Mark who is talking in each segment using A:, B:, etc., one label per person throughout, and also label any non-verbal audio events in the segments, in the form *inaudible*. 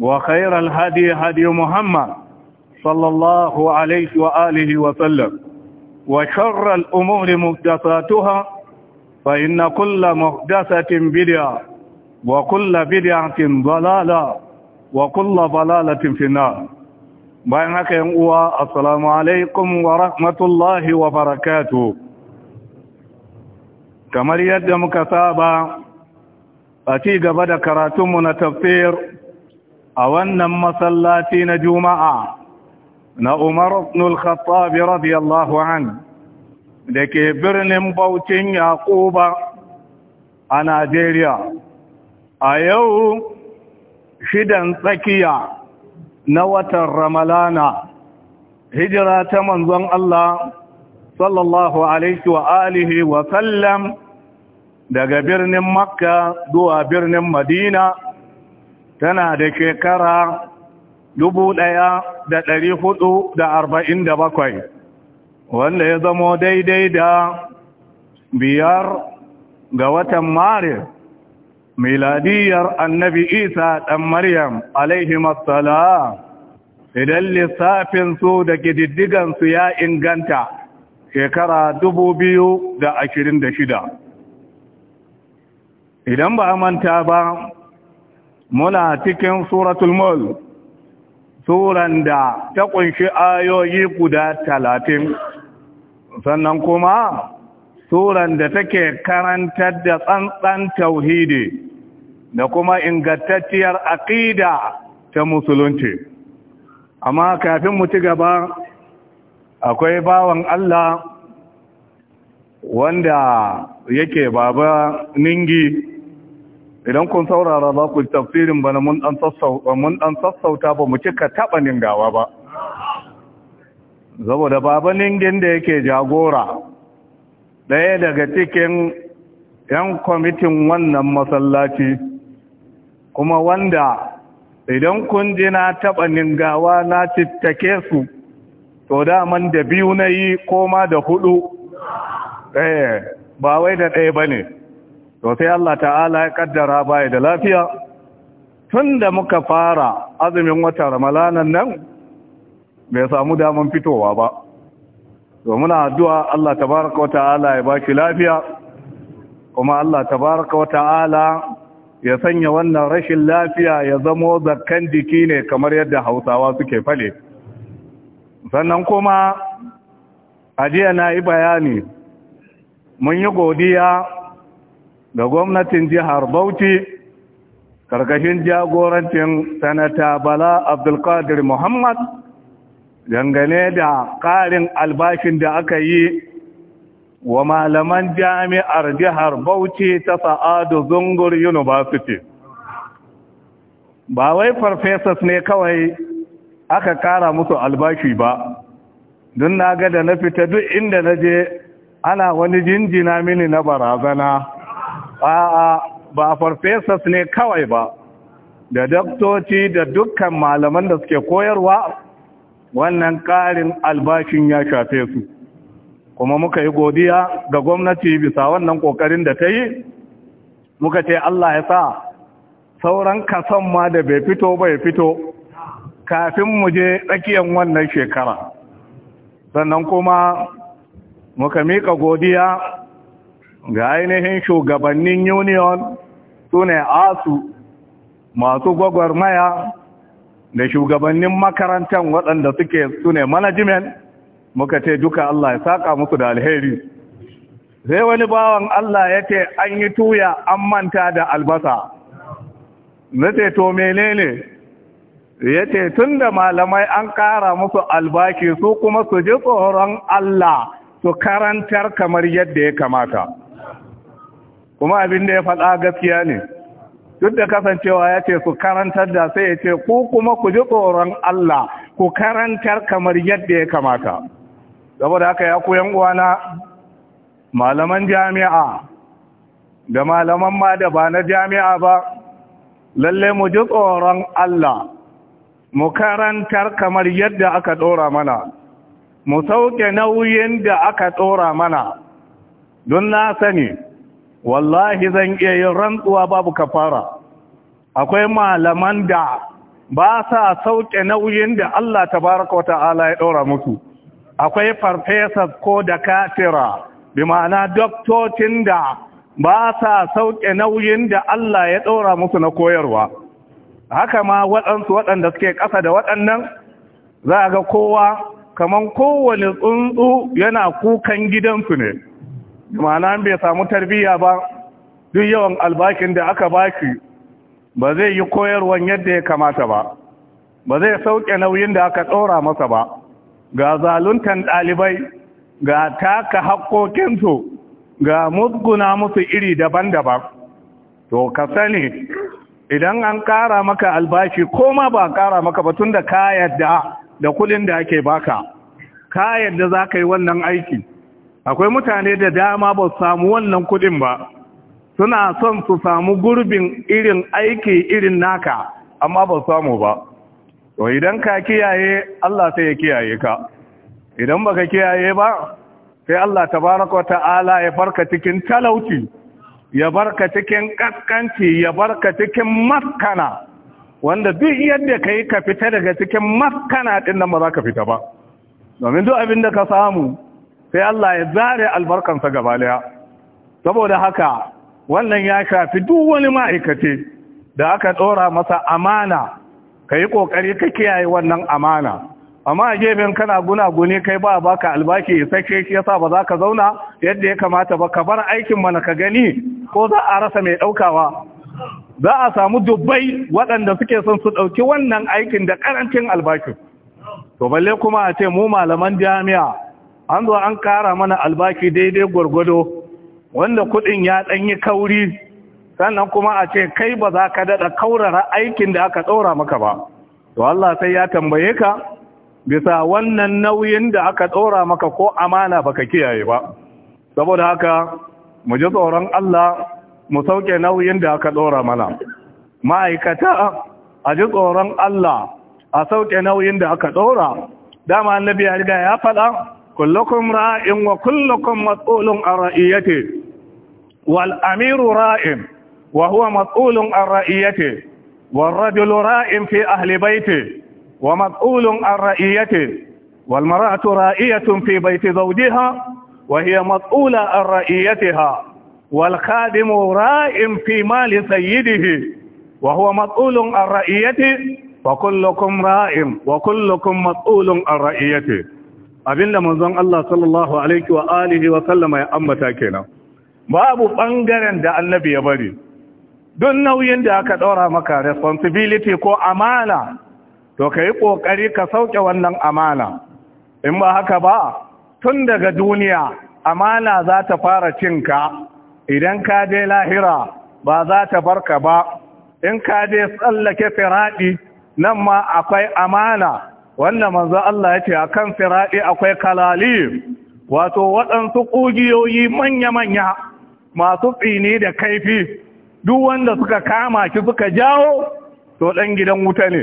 A: وخير الهدي هدي محمد صلى الله عليه وآله وسلم وشر الأمور مهدساتها فإن كل مهدسة بدعة وكل بدعة ضلالة وكل ضلالة في النار بينك هو السلام عليكم ورحمة الله وبركاته كما يدمك مكتابة أتيق بدأ كراتمنا تفسير a wannan masallaci na juma'a na umar ibn al-khattab radiyallahu an da ke birnin Bauchin Yakuba a Najeriya a yau shidan tsakiya na watan Ramalana hijira ta manzon Allah sallallahu alaihi wa alihi wa sallam daga birnin Makka zuwa birnin Madina tana da shekara dubu ɗaya da ɗari hudu da arba'in da bakwai wanda ya zamo daidai da biyar ga watan maris miladiyar annabi isa ɗan maryam Masala, idan lissafinsu da gididdigansu ya inganta shekara dubu biyu da ashirin da shida idan ba manta ba muna cikin suratul mul suran da ta kunshi ayoyi guda talatin sannan kuma suran da take karantar da tsantsan tauhidi da kuma ingantacciyar aƙida ta musulunci amma kafin mu ci gaba akwai bawan Allah wanda yake baba ningi idan kun saurara za ku tafsirin bana mun dan sassauta ba mu cika taɓa ningawa ba saboda baba ningin da yake jagora ɗaya daga cikin 'yan kwamitin wannan masallaci kuma wanda idan kun ji na taɓa ningawa na cittake su to daman da biyu na yi koma da hudu ɗaya eh, ba wai da ɗaya ba ne to sai Allah ta'ala ya kaddara baya da lafiya tun da muka fara azumin wata ramalanan nan bai samu daman fitowa ba to muna addu'a Allah tabaraka wa ta'ala ya baki lafiya kuma Allah tabaraka wa ta'ala ya sanya wannan rashin lafiya ya zamo zakkan jiki ne kamar yadda hausawa suke fale sannan kuma a jiya na yi bayani mun yi godiya da gwamnatin jihar Bauchi karkashin jagorancin sanata Bala Abdulkadir Muhammad dangane da ƙarin albashin da aka yi wa malaman jami'ar jihar Bauchi ta Sa'adu Zungur University. Ba wai farfesas ne kawai aka ƙara musu albashi ba, don na ga da na fita duk inda na je ana wani jinjina mini na barazana. a'a ba farfesas ne kawai ba da daktoci da dukkan malaman da suke koyarwa wannan ƙarin albashin ya shafe su kuma muka yi godiya ga gwamnati bisa wannan ƙoƙarin da ta yi muka ce Allah ya sa sauran kasan ma da bai fito bai fito kafin mu je tsakiyar wannan shekara sannan kuma muka miƙa godiya ga ainihin shugabannin union su ne asu masu gwagwarmaya da shugabannin makarantar waɗanda suke su ne management muka ce duka Allah ya saƙa musu da alheri sai wani bawan Allah ya ce an yi tuya an manta da albasa na ce to menene ya ce tun da malamai an ƙara musu albashi su kuma su ji tsoron Allah su karantar kamar yadda ya kamata kuma abin da ya faɗa gaskiya ne duk da kasancewa ya ce su karantar da sai ya ce ku kuma ku ji tsoron Allah ku karantar kamar yadda ya kamata saboda haka ya koyan uwana malaman jami'a da malaman ma da ba na jami'a ba lalle mu ji tsoron Allah mu karantar kamar yadda aka ɗora mana mu sauke nauyin da aka ɗora mana don na sani wallahi zan iya yin rantsuwa babu kafara akwai malaman da ba sa sauke nauyin da Allah tabaraka wa ta'ala ya ɗora musu akwai farfesas ko da katira bi ma'ana doktocin da ba sa sauke nauyin da Allah ya ɗora musu na koyarwa haka ma waɗansu waɗanda suke ƙasa da waɗannan za a ga kowa kamar kowane tsuntsu yana kukan gidansu ne ma'ana bai samu tarbiyya ba duk yawan albakin da aka baki ba zai yi koyarwan yadda ya kamata ba ba zai sauke nauyin da aka tsora masa ba ga zaluntan ɗalibai ga taka haƙoƙinsu ga musguna musu iri daban-daban to ka sani idan an ƙara maka albashi ko ma ba ƙara maka ba tun da ka da kuɗin da ake baka ka da za ka yi wannan aiki akwai mutane da dama ba su samu wannan kudin ba suna son su samu gurbin irin aiki irin naka amma ba su samu ba to idan ka kiyaye Allah sai ya kiyaye ka idan baka kiyaye ba sai Allah tabaraka wa ta'ala ya barka cikin talauci ya barka cikin kaskanci ya barka cikin maskana wanda duk yadda ka yi ka fita daga cikin maskana ɗin nan ba za ka fita ba domin duk abin da ka samu sai Allah ya zare albarkansa gaba daya saboda haka wannan ya shafi duk wani ma'aikaci da aka ɗora masa amana ka yi ƙoƙari ka kiyaye wannan amana amma a gefen kana guna-guni kai ba baka albashi sake shi yasa ba za ka zauna yadda ya kamata ba ka bar aikin mana ka gani ko za a rasa mai ɗaukawa za a samu dubbai waɗanda suke son su ɗauki wannan aikin da ƙarancin albashin to balle kuma a ce mu malaman jami'a an zo an kara mana albashi daidai gwargwado wanda kudin ya ɗanyi kauri sannan kuma a ce kai ba za ka daɗa kaurara aikin da aka ɗora maka ba to Allah sai ya tambaye ka bisa wannan nauyin da aka ɗora maka ko amana baka kiyaye ba saboda haka mu ji tsoron Allah mu sauke nauyin da aka ɗora mana ma'aikata a ji tsoron Allah a sauke nauyin da aka ɗora dama annabi ya riga ya faɗa كلكم راء وكلكم مسؤول عن رئيته والأمير راء وهو مسؤول عن رئيته والرجل راء في أهل بيته ومسؤول عن رئيته والمرأة رائية في بيت زوجها وهي مسؤولة عن رئيتها والخادم راء في مال سيده وهو مسؤول عن رئيته وكلكم راء وكلكم مسؤول عن رئيته abinda manzon Allah sallallahu alaihi wa alihi wa sallama ya ambata kenan babu bangaren da annabi ya bari don nauyin da aka daura maka responsibility ko amana to kai kokari ka sauke wannan amana in ba haka ba tun daga duniya amana za ta fara cinka idan ka je lahira ba za ta barka ba in ka je tsallake firadi nan ma akwai amana wanda manzo Allah ya ce a kan firaɗi akwai kalali wato waɗansu ƙugiyoyi manya-manya masu tsini da kaifi duk wanda suka kama ki suka jawo to ɗan gidan wuta ne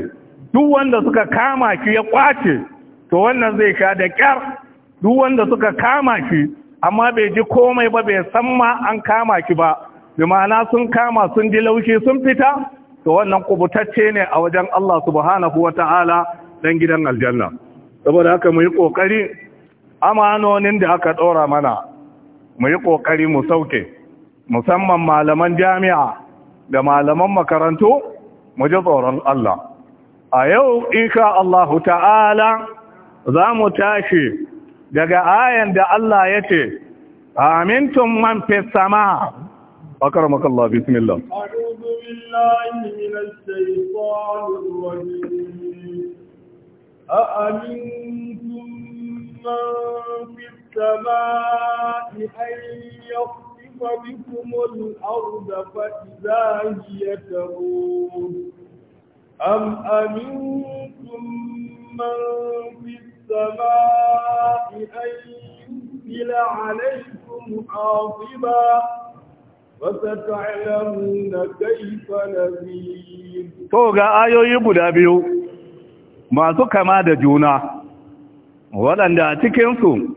A: duk wanda suka kama ki ya ƙwace to wannan zai sha da ƙyar duk wanda suka kama ki amma bai ji komai ba bai san ma an kama ki ba bi ma'ana sun kama sun ji laushi sun fita to wannan kubutacce ne a wajen Allah subhanahu wa dan gidan aljanna saboda haka mu yi kokari amanonin da aka ɗora mana mu yi kokari mu sauke musamman malaman jami'a da malaman makarantu mu ji tsoron Allah a yau insha Allah ta'ala za mu tashi daga ayan da Allah ya ce amintun man fi sama أكرمك الله بسم الله
B: أعوذ بالله من الشيطان الرجيم أأمنتم من في السماء أن يخطف بكم الأرض فإذا هي تموت أم أمنتم من في السماء أن يرسل عليكم حاصبا فستعلمون كيف نذير.
A: To ga ayoyi guda biyu, masu kama da juna waɗanda a cikinsu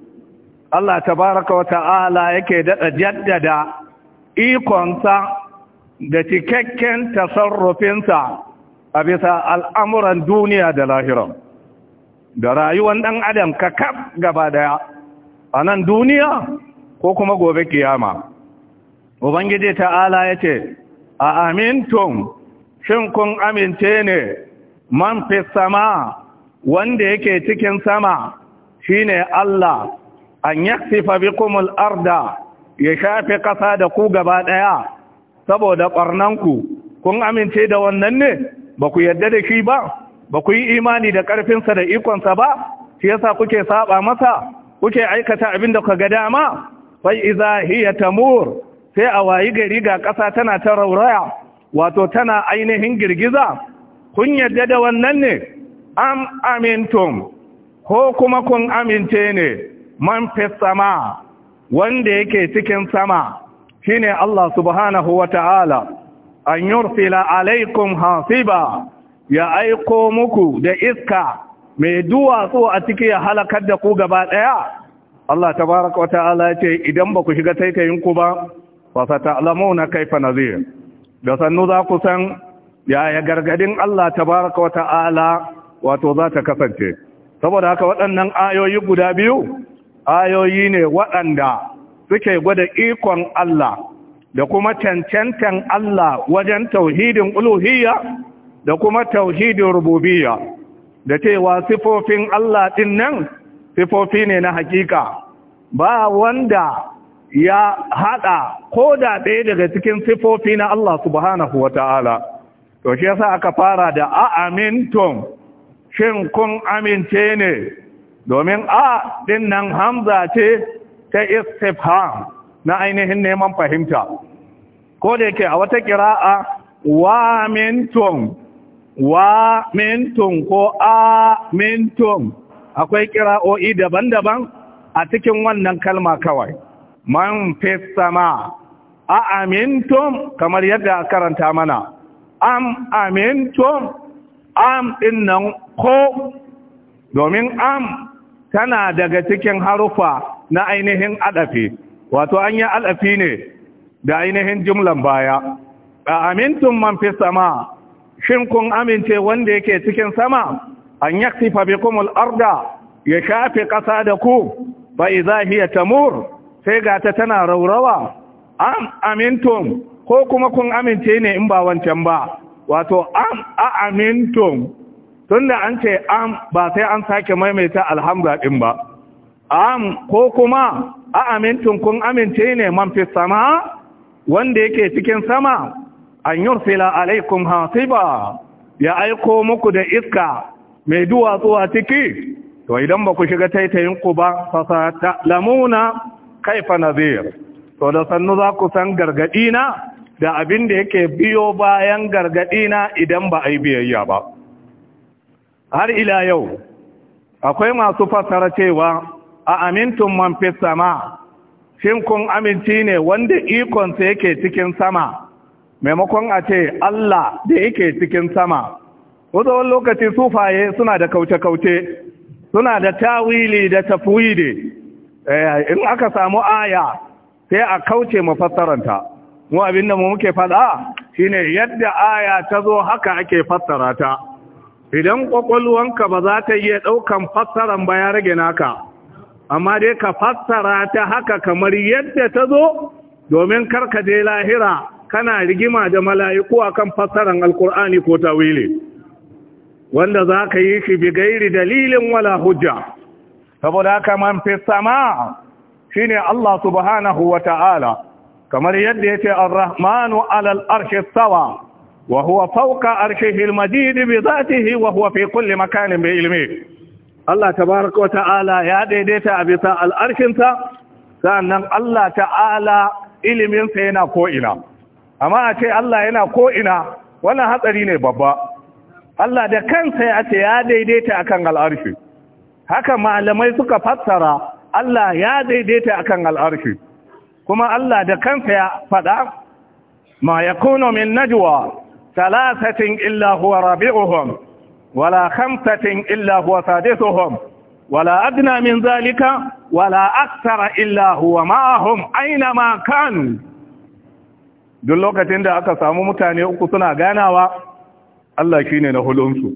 A: Allah tabaraka wa ta'ala yake daɗa jaddada ikonsa da cikakken tasarrufinsa a bisa al'amuran duniya da lahiran, da rayuwan ɗan adam ka kaf gaba daya a nan duniya ko kuma gobe kiyama ubangiji ta'ala ya ce a amintun shin kun amince ne man fi sama wanda yake cikin sama shi ne Allah an bi kumul arda ya shafe ƙasa da ku gaba ɗaya saboda ɓarnanku kun amince da wannan ne ba ku yarda da shi ba ba ku yi imani da ƙarfinsa da ikonsa ba shi yasa kuke saba masa kuke aikata abin da ka ga dama fai iza hiya tamur sai a wayi gari ga ƙasa tana ta rauraya wato tana ainihin girgiza kun yadda da wannan ne am amintum ko kuma kun amince ne man fi sama wanda yake cikin sama shine Allah subhanahu wa ta'ala an yursila alaikum hasiba ya aiko muku da iska mai duwatsu a ciki ya halakar da ku gaba ɗaya Allah tabaraka wa ta'ala ya ce idan ba ku shiga taitayinku ba ba sa na kaifa nazir da sannu za ku san yaya gargadin Allah tabaraka ala wato za ta kasance saboda haka waɗannan ayoyi guda biyu ayoyi ne waɗanda suke gwada ikon Allah da kuma cancantan Allah wajen tauhidin uluhiyya da kuma tauhidin rububiyya da cewa sifofin Allah ɗin nan sifofi ne na hakika ba wanda ya haɗa ko da ɗaya daga cikin sifofi na Allah subhanahu wa ta'ala to shi yasa aka fara da a amintum shin kun amince ne domin a din nan hamza ce ta istifham na ainihin neman fahimta ko da yake a wata kira'a wa amintum wa amintum ko a amintum akwai kira'o'i daban-daban a cikin wannan kalma kawai man fi sama a amintum kamar yadda karanta mana am amintum am din nan ko domin am tana daga cikin harufa na ainihin adafi wato an yi adafi ne da ainihin jumlan baya a amintum man fi sama shin kun amince wanda yake cikin sama an yaktifa bikum al-arda ya shafe ƙasa da ku fa idza hiya tamur sai ga ta tana raurawa am amintum ko kuma kun amince ne in ba wancan ba wato am a amintum tunda an ce am ba sai an sake maimaita alhamza din ba am ko kuma a amintum kun amince ne man fi sama wanda yake cikin sama an yursila alaikum hasiba ya aiko muku da iska mai duwatsu a ciki to idan ba ku shiga taitayin ku ba ta lamuna kaifa nadir to da sannu za ku san gargadi na da abin da yake biyo bayan gargadi na idan ba a yi biyayya ba har ila yau akwai masu fassara cewa a amintun man fi sama shin kun aminci ne wanda ikonsa yake cikin sama maimakon a ce Allah da yake cikin sama wani lokaci sufaye suna da kauce-kauce suna da tawili da tafwidi eh, in aka samu aya sai a kauce mafassaranta mu abinda mu muke faɗa shine yadda aya ta zo haka ake fassara ta idan kwakwalwanka ba za ta iya ɗaukan fassaran ba ya rage naka amma dai ka fassara ta haka kamar yadda ta zo domin karka je lahira kana rigima da mala'iku akan fassaran alkur'ani ko tawili wanda za ka yi shi bigairi dalilin wala hujja saboda haka man fi sama shine Allah subhanahu wa ta'ala kamar yadda ya ce al-rahmanu, alal arshi sawa wa huwa fawqa arshihi almajid bi zatihi wa huwa fi kulli makanin bi ilmi Allah tabaaraka wa ta'ala ya daidaita a bisa al'arshinsa sannan Allah ta'ala iliminsa yana ko ina amma a ce Allah yana ko ina wannan hatsari ne babba Allah da kansa ya ce ya daidaita akan al'arshi haka malamai suka fassara Allah ya daidaita akan al'arshi kuma Allah da kansa ya faɗa ma ya yakunu min najwa thalathatin illa huwa rabi'uhum wala khamsatin illa huwa sadisuhum wala adna min zalika wala akthara illa huwa ma'ahum aina ma kanu duk lokacin da aka samu mutane uku suna ganawa Allah shi ne na hulunsu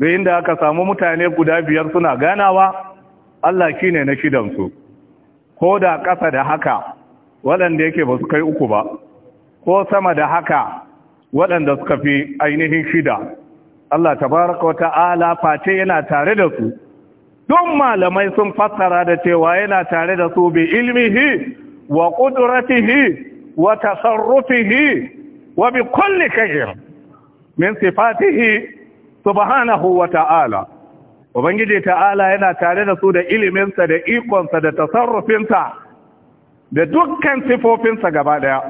A: duk inda aka samu mutane guda biyar suna ganawa Allah shi ne na shidansu ko da ƙasa da haka waɗanda yake ba su kai uku ba ko sama da haka waɗanda suka fi ainihin shida Allah tabaraka wa ta'ala face yana tare da su Don malamai sun fassara da cewa yana tare da su bi ilmihi wa ƙudurafihi wa tasarrufihi wa bi kulli kai min sifatihi subhanahu wa ta'ala ubangiji ta'ala yana tare da su da iliminsa da ikonsa da tasarrufinsa da dukkan sifofinsa gaba ɗaya.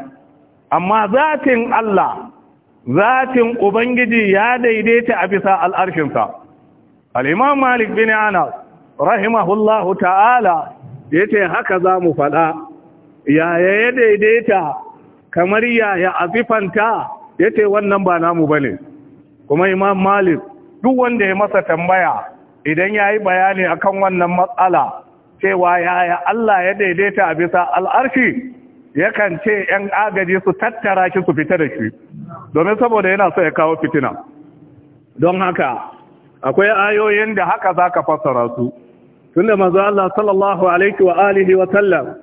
A: amma zatin Allah zatin ubangiji ya daidaita a bisa al'arshinsa al'imam malik bin anas rahimahullahu ta'ala ya ce haka za mu faɗa yaya ya daidaita kamar yaya a zifanta ya ce wannan ba namu ba ne kuma imam malik duk wanda ya masa tambaya idan ya yi bayani akan wannan matsala cewa yaya Allah ya daidaita a bisa al'arshi yakan ce ‘yan agaji su tattara shi su fita da shi domin saboda yana so ya kawo fitina don haka akwai ayoyin da haka za ka fassara su tunda mazu Allah sallallahu alaihi wa alihi wa sallam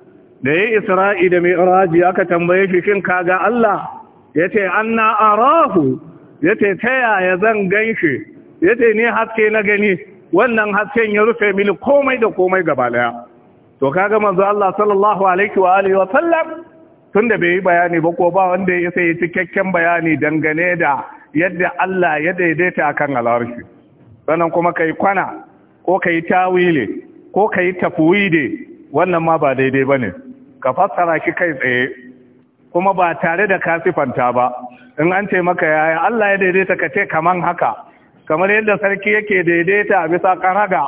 A: da ya yi Isra'i da raji aka tambaye shi shin kaga Allah Ya ce yace na'arahu. arahu ce ta yaya zan ganshi ce ni haske na gani wannan hasken ya rufe mini komai da komai gaba daya to kaga manzo Allah sallallahu alaihi wa alihi wa sallam tunda bai yi bayani ba ko ba wanda ya sai cikakken bayani dangane da yadda Allah ya daidaita akan al'arshi sannan kuma kai kwana ko kai tawile ko kai tafwide wannan ma ba daidai bane ka fassara shi kai tsaye kuma ba tare da kasifanta ba in an ce maka yaya Allah ya daidaita ka ce kaman haka kamar yadda sarki yake daidaita a bisa karaga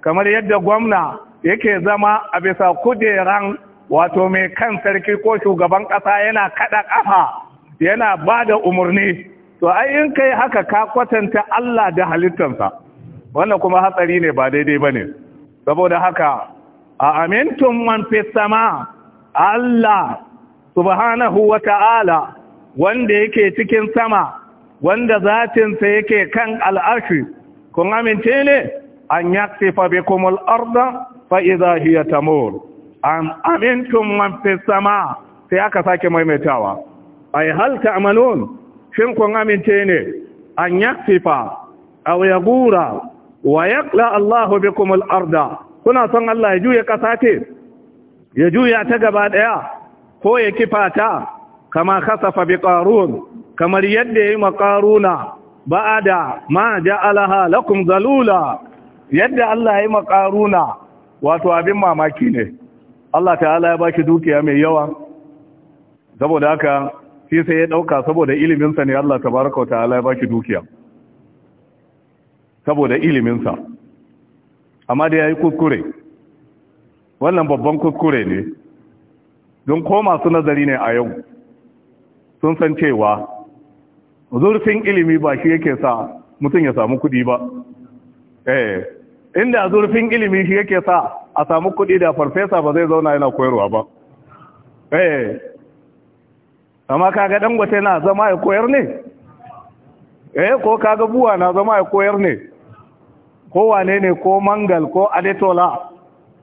A: kamar yadda gwamna yake zama a bisa kujeran wato mai kan sarki ko shugaban ƙasa yana kaɗa ƙafa yana ba da umarni to ai in kai haka ka kwatanta Allah da halittansa wannan kuma hatsari ne ba daidai bane saboda haka a amintun man fi sama Allah subhanahu wa ta'ala wanda yake cikin sama wanda zatinsa yake kan al'ashi, kun amince ne an yaksifa bikum al-arda fa idha hiya ta am an amintun fi sama sai aka sake maimaitawa ay hal ta'malun shin kun amince ne an yaksifa aw gura, wa yaqla Allahu bikum al-arda kuna son Allah ya juya kasa ce ya juya ta gaba ɗaya ko ya kifa ta kama kasafa bi qarun kamar yadda ya yi makaruna ba da ma ja alaha, lakum zalula yadda Allah ya yi makaruna wato abin mamaki ne Allah ta'ala ya ba shi dukiya mai yawa saboda haka shi sai ya ɗauka saboda iliminsa ne Allah ta baraka wa ta'ala ya ba shi dukiya saboda iliminsa amma da ya yi kuskure wannan babban kuskure ne don ko masu nazari ne a yau sun san cewa zurfin ilimi ba shi yake sa mutum ya samu kudi ba eh inda zurfin ilimi shi yake sa a samu kudi da farfesa ba zai zauna yana koyarwa ba eh amma kaga dangote na zama ya koyar ne eh ko kaga buwa na zama ya koyar ne ko wane ne ko mangal ko adetola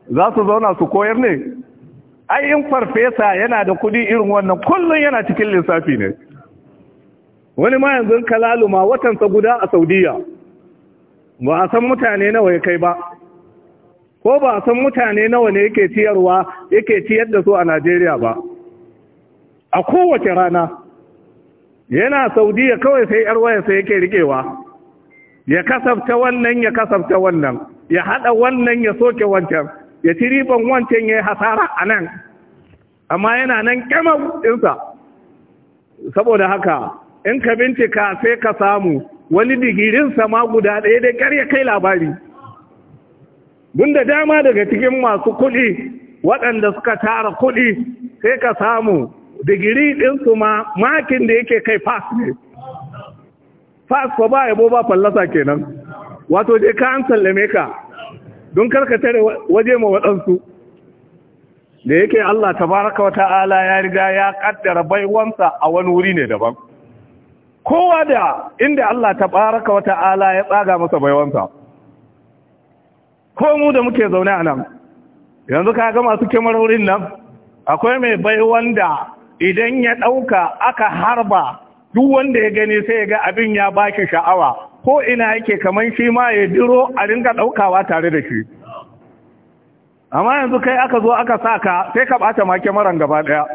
A: za su zauna su koyar ne ai in farfesa yana da kudi irin wannan kullun yana cikin lissafi ne wani ma yanzu ma watansa guda a saudiya ba a san mutane nawa ya kai ba ko ba a san mutane nawa ne yake ciyarwa yake ciyar da su a najeriya ba a kowace rana yana saudiya kawai sai yar wayarsa yake rikewa ya kasafta wannan ya kasafta wannan ya hada wannan ya soke wancan ya ci riban wancan ya yi hasara a nan amma yana nan kyamar ɗinsa saboda haka in ka bincika sai ka samu wani digirin sama guda ɗaya dai ya kai labari bunda dama daga cikin masu kuɗi waɗanda suka tara kuɗi sai ka samu digiri ɗinsu ma makin da yake kai fas ne fas ko ba yabo ba fallasa kenan wato je ka an sallame ka don da waje ma waɗansu da yake Allah tabaraka wata ala ya riga ya kaddara baiwansa a wani wuri ne daban kowa da inda Allah ta baraka wata ala ya tsaga masa baiwansa ko mu da muke zaune a nan yanzu ka ga masu kyamarorin nan akwai mai baiwan da idan ya ɗauka aka harba duk wanda ya gani sai ya ga abin ya ba shi sha'awa ko ina yake kamar shi ma ya diro a ringa ɗaukawa tare da shi amma yanzu kai aka zo aka sa ka sai ka ɓata ma kyamaran gaba ɗaya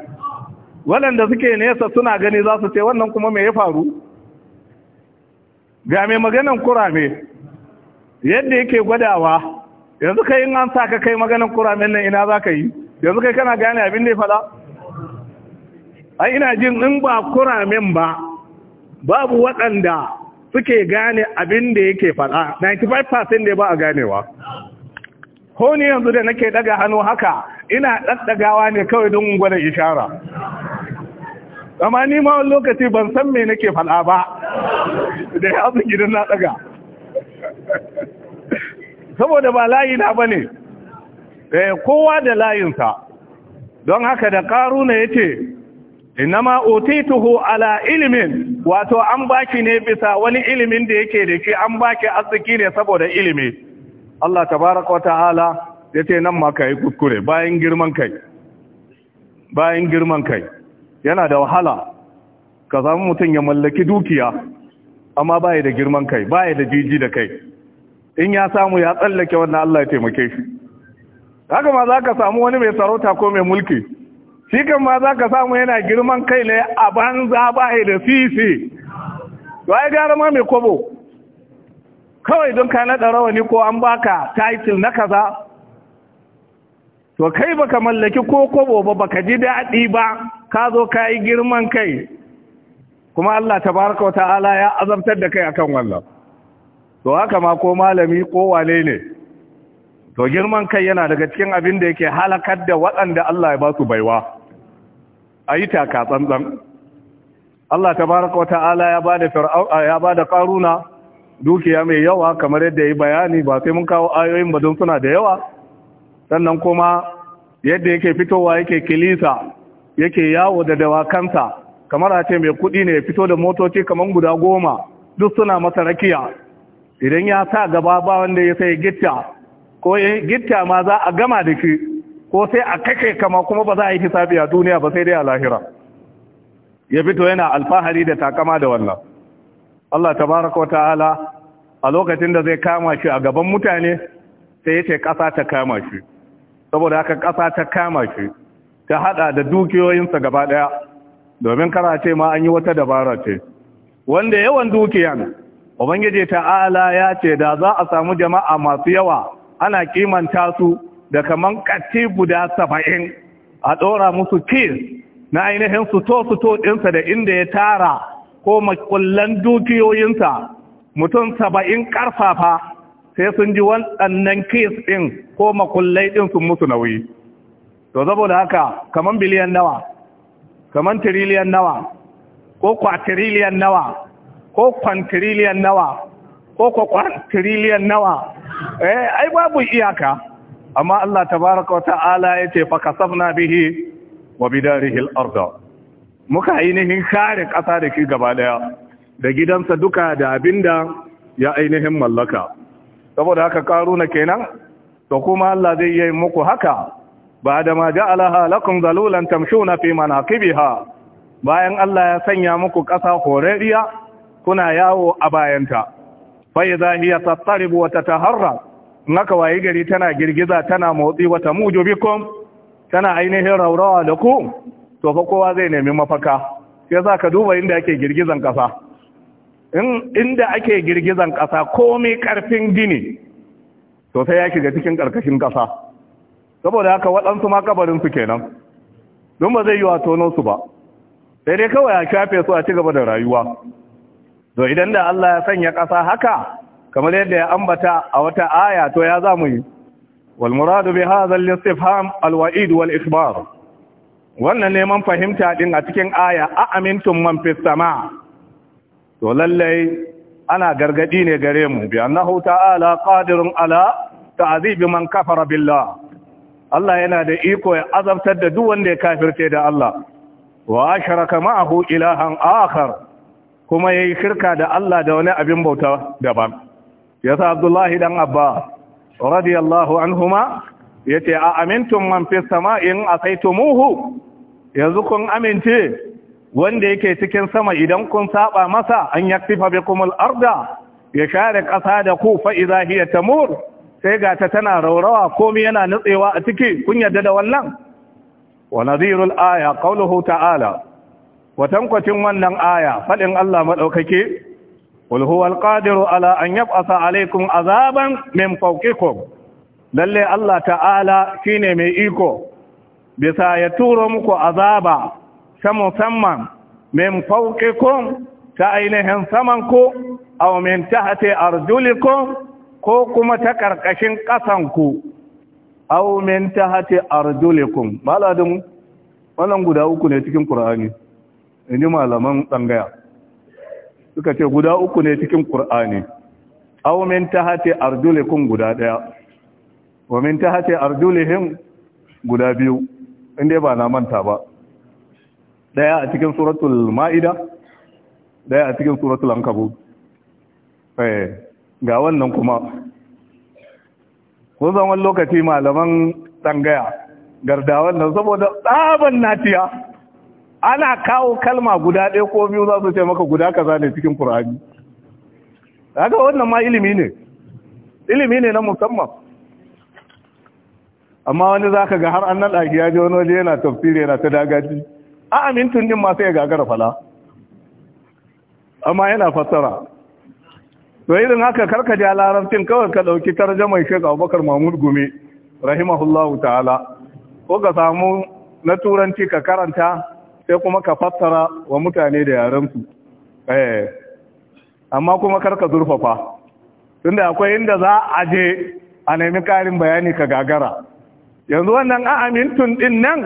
A: waɗanda suke nesa suna gani za su ce wannan kuma mai ya faru ga mai maganan kurame yadda yake gwadawa yanzu kai in an sa ka kai maganan kuramen nan ina za ka yi yanzu kai kana gane abin da ya fada ai ina jin in ba kuramen ba babu waɗanda suke gane abin da yake fada 95% ne ba a ganewa ko ni yanzu da nake daga hannu haka ina ɗaɗɗagawa ne kawai don gwada ishara amma ni ma wani lokaci ban san me nake faɗa ba da ya abin gidan na saboda ba layi na ba ne eh, kowa da layinsa don haka da na ya ce inama otituhu ala ilimin wato an baki ne bisa wani ilimin da yake da shi an baki arziki ne saboda ilimi Allah tabaraka wa ta'ala ya ce nan ma ka yi kuskure bayan girman kai bayan girman kai yana da wahala ka samu mutum ya mallaki dukiya amma baya da girman kai baya da jiji da kai in ya samu ya tsallake wannan Allah ya taimake shi haka ma za ka samu wani mai sarauta ko mai mulki shi kan ma za ka samu yana girman kai ne a banza baya da sisi ba ya gara ma mai kwabo kawai don ka naɗa rawani ko an baka title na kaza to kai baka mallaki ko kobo ba ka ji daɗi ba ka zo ka yi girman kai kuma Allah tabaraka wa ta'ala ya azabtar da kai akan wannan to haka ma ko malami ko wane ne to girman kai yana daga cikin abin da yake halakar da waɗanda Allah ya ba su baiwa yi taka tsantsan Allah tabaraka wa ta'ala ya bada da ya bada karuna dukiya mai yawa kamar yadda ya yi bayani ba sai mun kawo ayoyin ba don suna da yawa sannan kuma yadda yake fitowa yake kilisa yake yawo da dawakansa kamar a ce mai kudi ne ya fito da motoci kamar guda goma duk suna masa rakiya idan ya sa gaba ba wanda ya sai gitta ko gitta ma za a gama da shi ko sai a kake kama kuma ba za a yi hisabi a duniya ba sai dai a lahira ya fito yana alfahari da takama da wannan Allah ta tabaraka wa ta'ala a lokacin da zai kama shi a gaban mutane sai ya ce ƙasa ta kama shi saboda haka kasa ta kama shi ta hada da dukiyoyinsa gaba daya domin kana ce ma an yi wata dabara ce wanda yawan dukiyan ubangiji ta'ala ya ce da za a samu jama'a masu yawa ana kimanta su da kaman kati guda saba'in a ɗora musu kis na ainihin suto-suto ɗinsa da inda ya tara ko makullan dukiyoyinsa mutum saba'in karfafa sai sun ji waɗannan kis ɗin ko makullai ɗin sun musu nauyi to saboda haka kaman biliyan nawa kaman tiriliyan nawa ko kwatiriliyan nawa ko kwantiriliyan nawa ko kwakwantiriliyan nawa eh ai babu iyaka amma Allah tabaraka wa ta'ala yace fa kasafna bihi wa bidarihi al-ardh muka ainihin kare ƙasa da ke gaba daya da gidansa duka da abinda ya ainihin mallaka saboda haka karuna kenan to kuma Allah zai yi muku haka ba'da ma ja'alaha lakum zalulan tamshuna fi manaqibiha bayan Allah ya sanya muku ƙasa horeriya kuna yawo a bayanta fa idza hiya tattaribu wa tataharra naka wayi gari tana girgiza tana motsi wata mujo bikum tana ainihin raurawa da ku to fa kowa zai nemi mafaka sai za ka duba inda ake girgizan ƙasa inda ake girgizan ƙasa komai ƙarfin gini to sai ya shiga cikin ƙarƙashin ƙasa saboda haka waɗansu ma kabarinsu kenan don ba zai yi wa su ba sai dai kawai a shafe su a ci gaba da rayuwa to idan da Allah ya sanya ƙasa haka kamar yadda ya ambata a wata aya to ya za mu yi wal muradu bi hadha al-istifham al-wa'id wal ikhbar wannan neman fahimta din a cikin aya a amintum man fis sama to lallai ana gargadi ne gare mu bi annahu ta'ala qadirun ala ta'zibi man kafara billah Allah yana da iko ya azabtar da duk wanda ya kafirce da Allah wa asharaka ma'ahu ilahan akhar kuma yayi shirka da Allah da wani abin bauta daban yasa Abdullahi dan Abba radiyallahu anhuma yace a amintum man fis sama'i in asaitumuhu yanzu kun amince wanda yake cikin sama idan kun saba masa an yaktifa bikumul arda ya share kasa da ku fa idza hiya tamur sai ga ta tana raurawa komai yana nutsewa a ciki kun yarda da wannan wa nadhirul aya qawluhu ta'ala kwacin wannan aya fadin Allah madaukake wal huwa alqadiru ala an yab'atha alaykum azaban min fawqikum lalle Allah ta'ala shine mai iko bisa ya turo muku azaba ta musamman min fawqikum ta ainihin samanku aw min tahti arjulikum ko kuma ta ƙarƙashin ƙasanku au min tahti arjulikum maladin wannan guda uku ne cikin In ji malaman tsangaya suka ce guda uku ne cikin qur'ani au min tahti arjulikum guda daya wa min tahti arjulihim guda biyu inda ba na manta ba Ɗaya a cikin suratul ma'ida ɗaya a cikin suratul ankabut eh ga wannan kuma ko zaman lokaci malaman tsangaya garda wannan saboda tsaban natiya ana kawo kalma guda ɗaya ko biyu za su ce maka guda kaza ne cikin ƙur'ani haka wannan ma ilimi ne ilimi ne na musamman amma wani za ka ga har annan ɗaki ya ji wani waje yana tafsiri yana ta dagaji a amintun din ma sai ya gagara fala amma yana fassara to irin haka karka ja larabcin kawai ka dauki tarjamar Sheikh Abubakar Mahmud Gumi rahimahullahu ta'ala ko ka samu na turanci ka karanta sai kuma ka fassara wa mutane da yarensu eh amma kuma karka zurfafa tunda akwai inda za a je a nemi karin bayani ka gagara yanzu wannan a Amintun din nan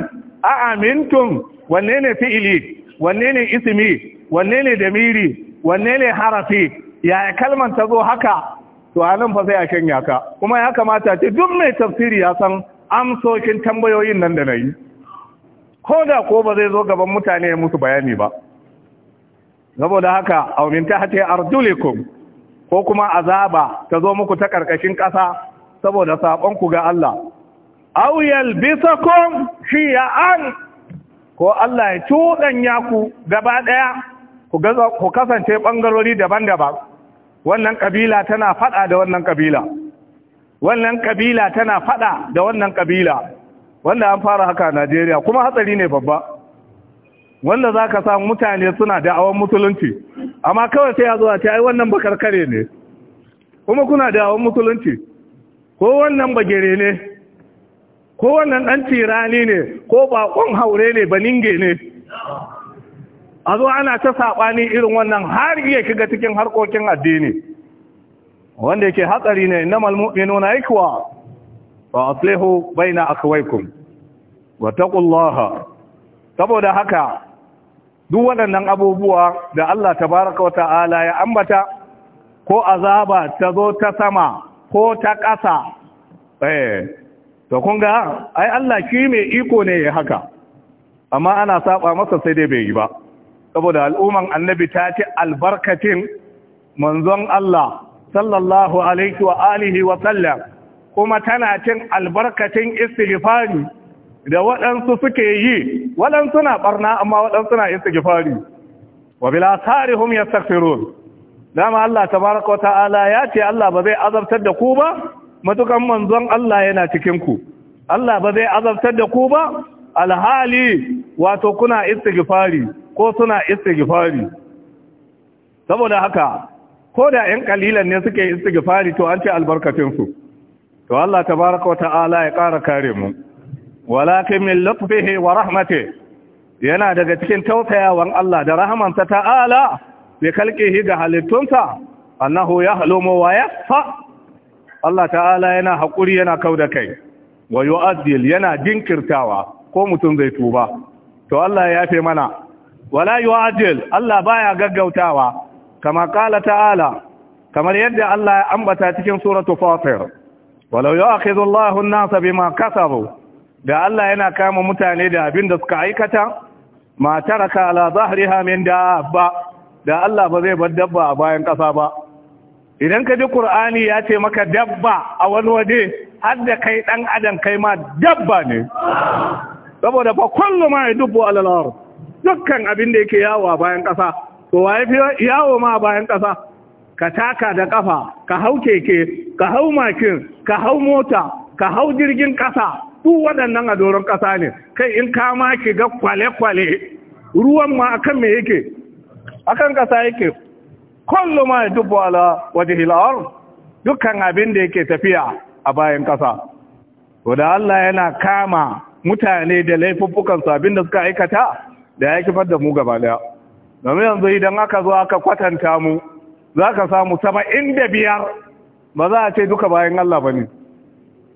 A: a Amintun. wanne ne fi'ili wanne ne ismi wanne ne damiri wanne ne harafi yaya kalman ta zo haka to anan fa sai a shanya ka kuma ya kamata ce duk mai tafsiri ya san amsoshin tambayoyin nan da nayi ko da ko ba zai zo gaban mutane ya musu bayani ba saboda haka aw min tahti arjulikum ko kuma azaba ta zo muku ta karkashin ƙasa saboda ku ga Allah aw yalbisakum shi'an ko Allah ya cuɗanya ku gaba ɗaya ku kasance ɓangarori daban-daban wannan kabila tana fada da wannan kabila wannan kabila tana fada da wannan kabila wanda an fara haka a Najeriya kuma hatsari ne babba wanda zaka samu mutane suna awon musulunci amma kawai sai ya zo a ce ai wannan bakarkare ne kuma kuna awon musulunci ko wannan bagere ne ko wannan dan tirani ne ko bakon haure ne baninge ne a zo ana ta saɓani irin wannan har iya shiga cikin harkokin addini wanda yake hatsari ne na malmu'inu na Ba wa aslihu baina akwaikum wa Wataƙullaha. saboda haka duk waɗannan abubuwa da Allah Ta baraka wa ta'ala ya ambata ko azaba ta zo ta sama ko ta ƙasa eh kun ga ai Allah shi mai iko ne ya haka amma ana saɓa masa sai dai bai yi ba saboda al'umman annabi ta ci albarkacin manzon Allah sallallahu alaihi wa alihi wa sallam kuma tana cin albarkacin istighfari da waɗansu suke yi waɗansu na ɓarna amma waɗansu na istighfari wa bila tarihum yastaghfirun dama Allah tabaraka ta'ala ya ce Allah ba zai azabtar da ku ba matukan manzon Allah yana cikin ku Allah ba zai azabtar da ku ba alhali wato kuna istighfari ko suna istighfari saboda haka ko da ƴan kalilan ne suke istighfari to an ce albarkacin su to Allah tabaaraka wa ta'ala ya ƙara kare mu walakin min lutfihi wa rahmatihi yana daga cikin tausayawan Allah da rahamansa ta'ala bi kalqihi ga halittunsa annahu yahlumu wa yasfa Allah ta'ala yana hakuri yana kauda kai wa yu'adil yana jinkirtawa ko mutum zai tuba to Allah ya yafe mana wala yu'ajil Allah baya gaggautawa kama qala ta'ala kamar yadda Allah ya ambata cikin suratu fatir walau yu'akhidhu Allahu an-nasa bima kasabu da Allah yana kama mutane da abin da suka aikata ma taraka ala zahriha min dabba da Allah ba zai bar dabba a bayan kasa ba idan ka ji Qur'ani ya ce maka dabba a wani waje har da kai dan adam kai ma dabba ne saboda fa kullu ma yadubu ala al-ard dukkan abin da yake yawo a bayan ƙasa to ya fi yawo ma bayan ƙasa ka taka da ƙafa ka hau keke ka hau makin ka hau mota ka hau jirgin ƙasa duk waɗannan a doron ƙasa ne kai in ka ma ki ga kwale-kwale ruwan ma akan me yake akan ƙasa yake kwallo ma dubu ala waje hilawar. dukkan abin da yake tafiya a bayan ƙasa to Allah yana kama mutane da laifuffukansu abin da suka aikata da ya kifar da mu gaba daya domin yanzu idan aka zo aka kwatanta mu za ka samu saba'in da biyar ba za a ce duka bayan Allah ba ne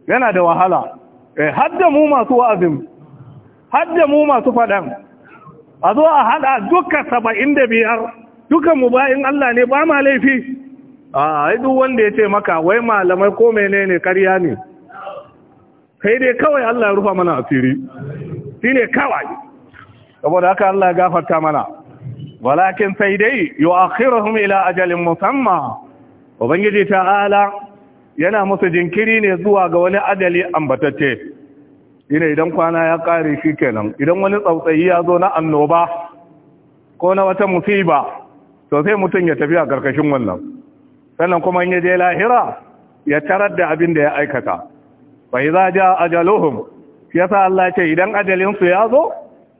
A: yana da wahala eh, hadda mu masu wa'azin hadda mu masu faɗan a zo a haɗa duka saba'in da biyar duka mu bayan Allah ne ba ma laifi a haidu wanda ya ce maka wai malamai ko ne karya ne kai dai kawai Allah ya rufa mana asiri shi ne kawai saboda haka Allah ya gafarta mana walakin sai dai yu'akhiruhum ila ajalin musamma ubangiji ta'ala yana musu jinkiri ne zuwa ga wani ajali ambatacce ina idan kwana ya kare shi kenan idan wani tsautsayi ya zo na annoba ko na wata musiba to sai mutum ya tafi a karkashin wannan sannan kuma in ya je lahira ya tarar da abin da ya aikata fa idza ja ajaluhum yasa Allah ce idan ajalin su ya zo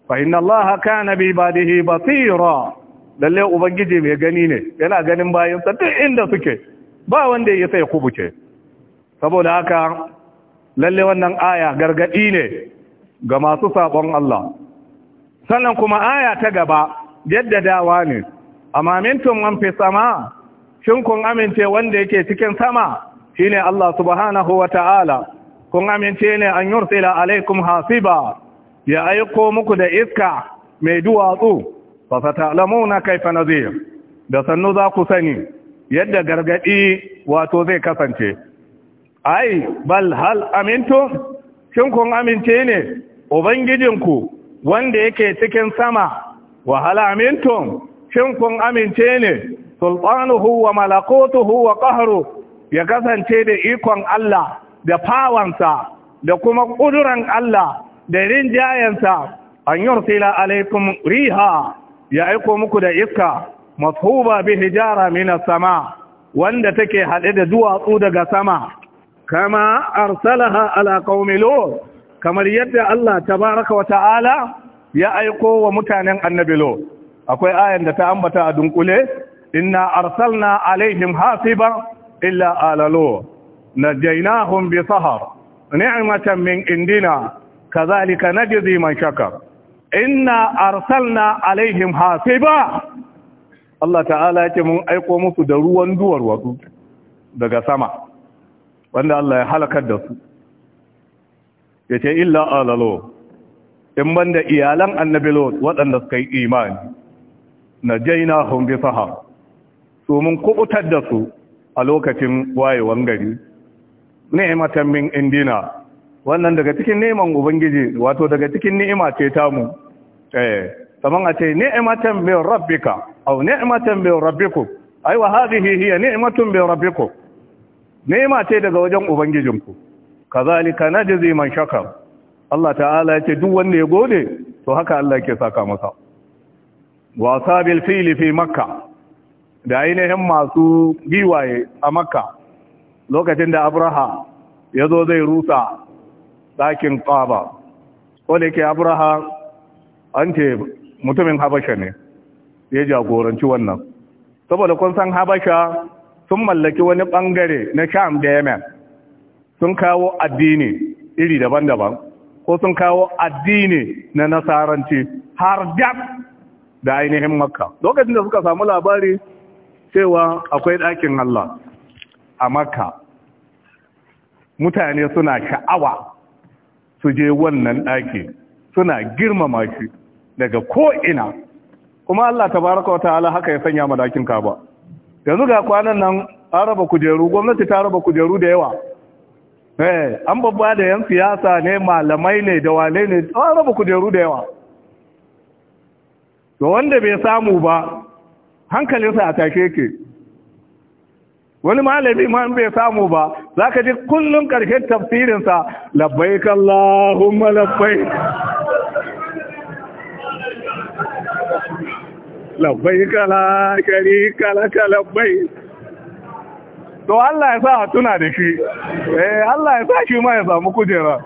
A: fa inna allaha kana bi ibadihi basira lalle ubangiji mai gani ne yana ganin bayan sa duk inda suke ba wanda ya sai kubuce saboda haka lalle wannan aya gargadi ne ga masu sabon Allah sannan kuma aya ta gaba jaddadawa ne amma mintum man fi sama shin kun amince wanda yake cikin sama shine Allah subhanahu wa ta'ala kun amince ne an yursila alaikum hasiba ya aiko muku da iska mai duwatsu fa na kaifa nazir da sannu za ku sani yadda gargadi wato zai kasance ai bal hal amintum shin kun amince ne ubangijinku wanda yake cikin sama wa hal shin kun amince ne sultanuhu wa malakutuhu wa qahru ya kasance da ikon Allah da fawansa da kuma kuduran Allah da rinjayensa an yursila alaikum riha ya aiko muku da iska mafhuba bi hijara minas sama wanda take hade da duwatsu daga sama kama arsalaha ala qaumi lut kamar yadda Allah tabaaraka wata'ala ya aiko wa mutanen annabi lut akwai ayan da ta ambata a dunkule inna arsalna alaihim hasiba illa ala lut najaynahum bi sahar ni'matan min indina kazalika najzi man shakar inna arsalna alaihim ba. Allah ta'ala yake mun aiko musu da ruwan duwar wasu daga sama wanda Allah ya halakar da su yace illa alalo in banda iyalan annabi lot waɗanda suka yi imani najainahum bi sahar su mun kubutar da su a lokacin wayewan gari ni'matan min indina wannan daga cikin neman ubangiji wato daga cikin ni'ima ce tamu eh kaman a ce ni'matan min rabbika aw ni'matan min rabbiku ai wa hadhihi hiya ni'matun min rabbiku ni'ima ce daga wajen ubangijinku kazalika najzi man shakar Allah ta'ala yace duk wanda ya gode to haka Allah yake saka masa wa sabil fili fi makka da ainihin masu giwaye a makka lokacin da abraha ya zo zai rusa ɗakin ƙaba ko da yake abraha an ce mutumin habasha ne ya jagoranci wannan saboda kun san habasha sun mallaki wani ɓangare na sham da yamen sun kawo addini iri daban-daban ko sun kawo addini na nasaranci har dab da ainihin makka lokacin da suka samu labari cewa akwai ɗakin Allah a makka mutane suna sha'awa su je wannan ɗaki suna girmama shi daga ko'ina kuma Allah ta baraka wa ta'ala haka ya sanya madakin kaba yanzu ga kwanan nan an raba kujeru gwamnati ta raba kujeru da yawa eh, an babba da yan siyasa ne malamai ne da wale ne an raba kujeru da yawa to wanda bai samu ba hankalinsa a tashe ke wani malami ma bai samu ba za ka ji kullum ƙarshen tafsirinsa labbai kallahumma labbai labbai kala kari kala labbai to Allah ya sa a tuna da shi eh Allah ya sa shi ma ya samu kujera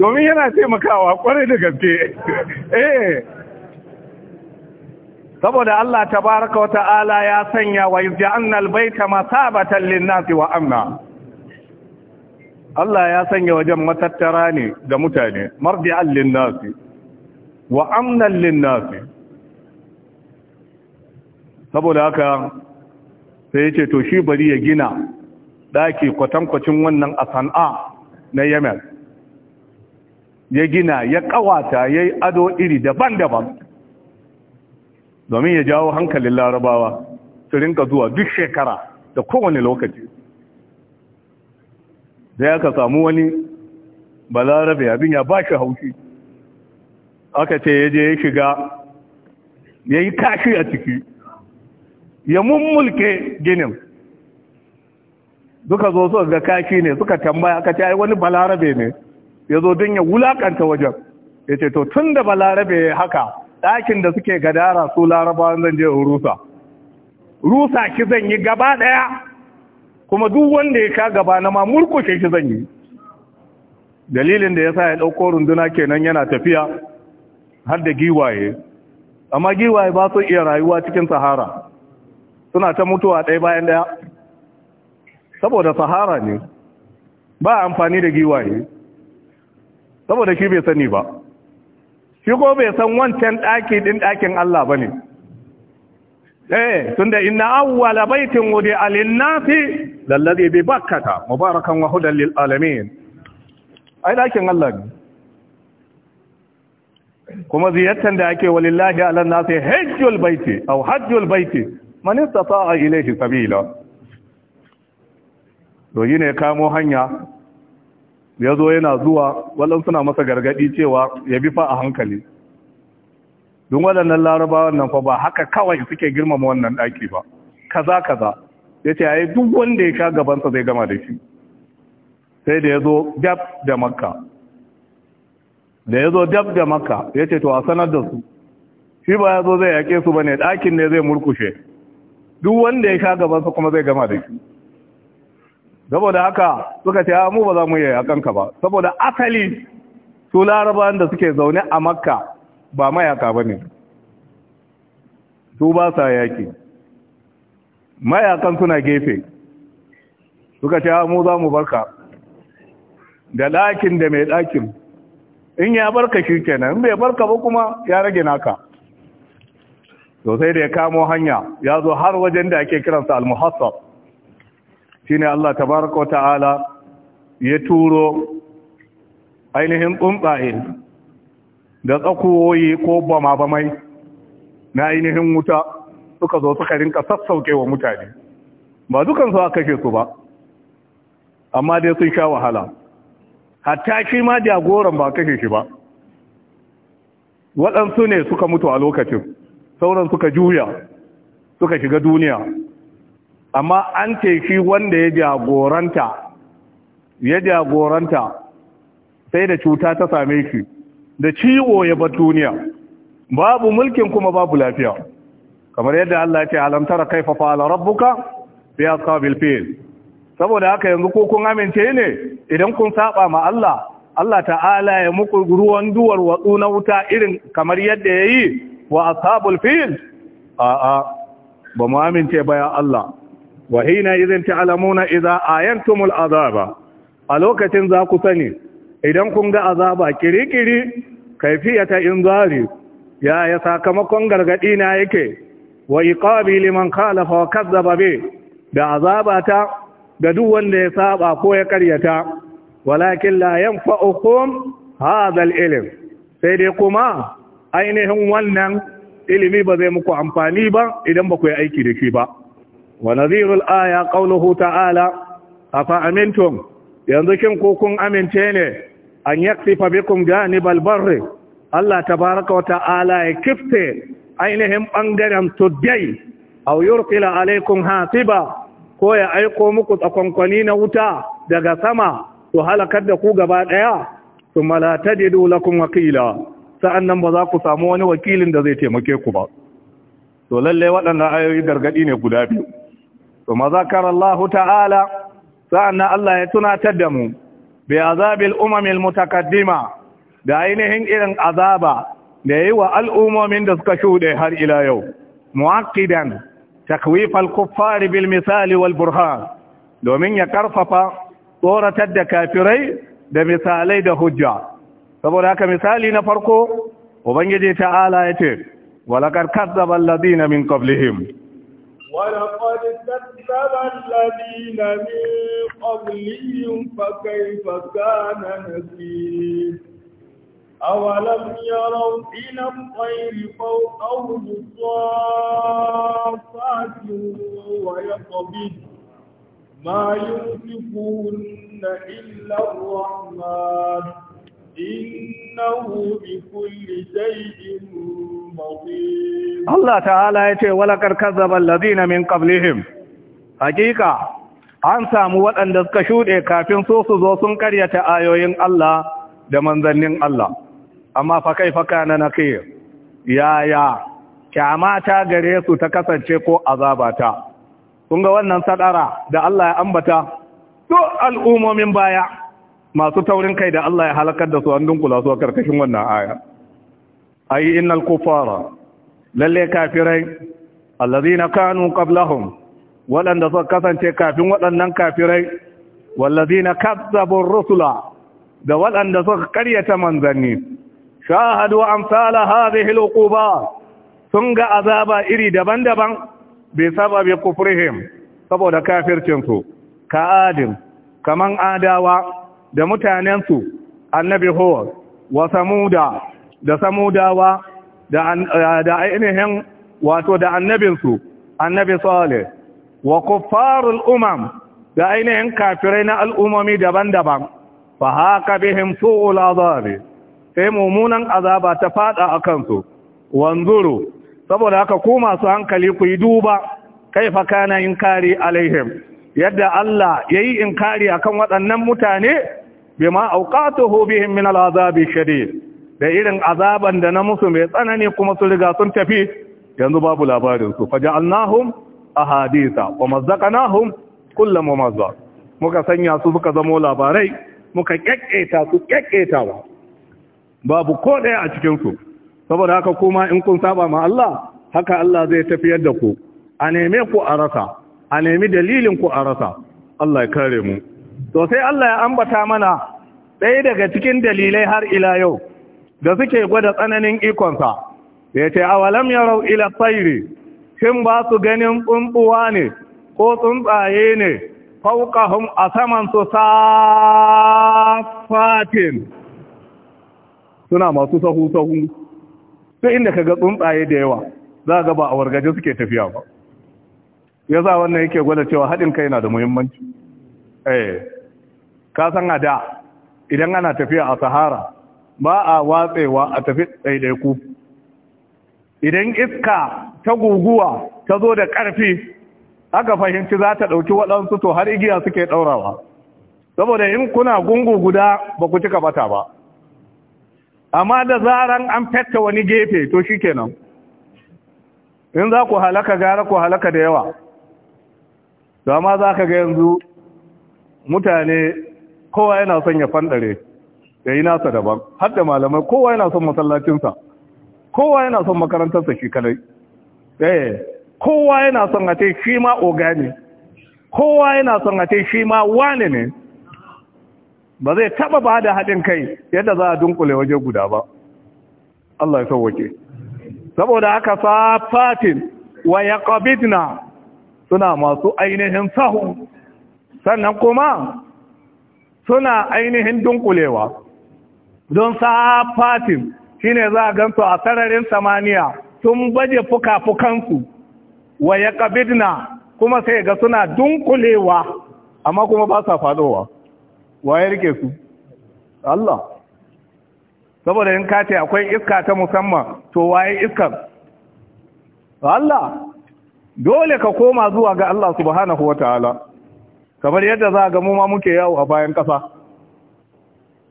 A: domin yana taimakawa kwarai da gaske *laughs* eh saboda Allah tabaraka wa ta'ala ya sanya wa yaj'alna al-baita masabatan lin-nasi wa amna Allah ya sanya wajen matattara ne da mutane marji'an lin-nasi wa amna lin-nasi saboda haka sai yace to shi bari ya gina daki kwatankwacin wannan a Sana'a na Yemen ya gina ya kawata yayi ado iri daban-daban domin ya jawo hankalin larabawa su rinka zuwa duk shekara da kowane lokaci da ya ka samu wani larabe abin ya ba shi haushi aka ce ya je ya shiga ya yi kashi a ciki ya mummulke ginin duka zo su ga kashi ne suka tambaya aka ce ai wani balarabe ne ya zo don ya wulakanta wajen ya ce to tun da balarabe haka ɗakin da suke gadara su larabawan zan je rusa rusa shi zan yi gaba ɗaya kuma duk wanda ya ka gaba na ma murkushe shi zan yi dalilin da ya sa ya ɗauko runduna kenan yana tafiya har da giwaye amma giwaye ba su iya rayuwa cikin sahara suna ta mutuwa ɗaya bayan ɗaya saboda sahara ne ba amfani da giwaye saboda shi bai sani ba shi ko bai san wancan ɗaki ɗin ɗakin Allah ba ne eh tunda ina awwala baitin wudi alinnasi lalladhi bi bakata mubarakan wa hudan ai ɗakin Allah ne kuma ziyartar da ake walillahi ala nasi hajjul baiti aw hajjul baiti man istata'a ilayhi sabila to ne kamo hanya ya zo yana zuwa waɗansu na masa gargaɗi cewa ya bi fa a hankali don waɗannan larabawan nan fa ba haka kawai suke girmama wannan ɗaki ba kaza kaza ya ce yayi duk wanda ya sha gabansa zai gama da shi sai da ya zo gab da makka da ya zo gab da makka ya ce to a sanar da su shi ba ya zo zai yaƙe su ba ne ɗakin ne zai murkushe duk wanda ya sha gabansa kuma zai gama da shi saboda haka suka ce mu ba za mu yi yakanka ba saboda asali su larabawan da suke zaune a makka ba mayaka ba ne su ba sa yaki mayakan suna gefe suka ce mu za mu barka da ɗakin da mai ɗakin in ya barka shi kenan in bai barka ba kuma ya rage naka Sosai da ya kamo hanya ya zo har wajen da ake kiransa al muhassar shine Allah tabaraka wa ta'ala ya turo ainihin tsuntsaye da tsakowoyi ko bama bamai na ainihin wuta suka zo suka rinka sassauke wa mutane ba dukansu aka kashe su ba amma dai sun sha wahala hatta shi ma jagoran ba kashe shi ba waɗansu ne suka mutu a lokacin sauran suka juya suka shiga duniya amma an ce shi wanda ya jagoranta ya jagoranta sai da cuta ta same shi da ciwo ya bar duniya babu mulkin kuma babu lafiya kamar yadda Allah ya ce alam tara kaifa fa'ala rabbuka bi ashabil fil saboda haka yanzu ko kun amince ne idan kun saba ma Allah Allah ta'ala ya muku ruwan duwar watsu na wuta irin kamar yadda yayi wa ashabul fil a a ba mu amince ba ya Allah wa hina idhin ta'lamuna idza tumul azaba a lokacin za ku sani idan kun ga azaba kirikiri kaifiyata inzari ya ya sakamakon gargadi na yake wa iqabi liman khalafa wa kazzaba bi da azabata da duk wanda ya saba ko ya karyata walakin la yanfa'ukum hadha al-ilm sai dai kuma ainihin wannan ilimi ba zai muku amfani ba idan ba ku yi aiki da shi ba wa nadhirul aya qawluhu ta'ala afa amintum yanzu kin ko kun amince ne an yaksifa bikum janibal barri Allah tabaraka wa ta'ala ya kifte ainihin ɓangaren tuddai aw yurqila alaikum hasiba ko ya aiko muku tsakon kwani na wuta daga sama su halakar da ku gaba ɗaya, su la tajidu lakum wakila sa'annan ba za ku samu wani wakilin da zai taimake ku ba to lallai waɗannan ayoyi gargadi ne guda biyu to mazakar Allah ta'ala sa'annan Allah ya tunatar da mu bi azabil umamil mutakaddima da ainihin irin azaba da yi wa al'ummomin da suka shuɗe har ila yau mu'aqidan takwif al-kuffari bil misali wal burhan domin ya ƙarfafa tsoratar da kafirai da misalai da hujja saboda haka misali na farko ubangiji ta'ala ya ce walakar kazzaba alladhina min qablihim
B: ولقد كذب الذين من قبلهم فكيف كان نكير أولم يروا إلى الطير فوقهم صافات ويقبض ما يمسكون إلا الرحمن
A: Allah ta'ala ya ce walakar ballazi na min him. hakika an samu waɗanda suka shuɗe kafin so su zo sun karyata ayoyin Allah da manzannin Allah amma fa kai faka na nakir yaya kyamata gare su ta kasance ko azabata kun ga wannan sadara da Allah ya ambata to al'ummomin baya masu taurin kai da Allah ya halakar da su an dunkula su a karkashin wannan aya ayi innal kufara lalle kafirai allazina kanu qablahum waɗanda suka kasance kafin waɗannan kafirai wallazina kazzabu rusula da waɗanda suka karyata manzanni shahadu amsala hadhihi alquba sun ga azaba iri daban-daban bi sababi kufrihim saboda kafircin su ka adin kaman adawa da mutanensu annabi hor wa samuda da samudawa eh, da ainihin wato da annabinsu annabi salih wa kuffarul umam da ainihin kafirai na al'umomi daban-daban fa haka bihim su'ul azabi sai mummunan azaba ta fada a kansu wanzuru saboda haka ku masu hankali ku yi duba kaifa kana inkari alaihim yadda Allah yayi inkari akan waɗannan mutane bima auqatuhu bihim min al'azabi shadid da irin azaban da na musu mai tsanani kuma su riga sun tafi yanzu babu labarin su faja'alnahum ahadisa wa mazzaqnahum kullu mumazzaq muka sanya su suka zamo labarai muka kyakketa su ba, babu ko daya a cikin su saboda haka kuma in kun saba ma Allah haka Allah zai tafiyar da ku a neme ku a rasa a nemi dalilin ku a rasa Allah ya kare mu to sai Allah ya ambata mana ɗaya daga cikin dalilai har ila yau da suke gwada tsananin ikonsa ya ce a walam yarau ila tsairi shin ba su ganin tsuntsuwa ne ko tsuntsaye ne faukahun a saman su safatin suna masu sahu sahu sai inda ka ga tsuntsaye da yawa za ga ba a wargaje suke tafiya ba Ya za wannan yake gwada cewa haɗin kai na da muhimmanci eh ka san a da idan ana tafiya a sahara ba a watsewa a tafi ɗaiɗaiku idan iska ta guguwa ta zo da ƙarfi aka fahimci za ta ɗauki waɗansu to har igiya suke ɗaurawa saboda in kuna gungu guda ba ku cika bata ba amma da zaran an fetta wani gefe to shi kenan in za ku halaka gara ku halaka da yawa dama za ka ga yanzu mutane kowa yana son ya fandare ya yi nasa daban har da malamai kowa yana son masallacinsa kowa yana son makarantarsa shi kadai ɗaya eh, kowa yana son a ce shi ma oga ne kowa yana son a ce shi ma wane ne ba zai taba ba da haɗin kai yadda za a dunkule waje guda ba Allah ya sauwake saboda haka safatin wa yaqbidna suna masu ainihin sahu sannan kuma suna ainihin dunkulewa don safatin shine za a gansu a sararin samaniya sun baje fuka-fukansu wa ya kuma sai ga suna dunkulewa amma kuma ba sa faɗowa. wa ya rike su Allah saboda yin kace akwai iska ta musamman to waye iskar Allah dole ka koma zuwa ga Allah subhanahu ta'ala. kamar yadda za ga mu ma muke yawo a bayan shi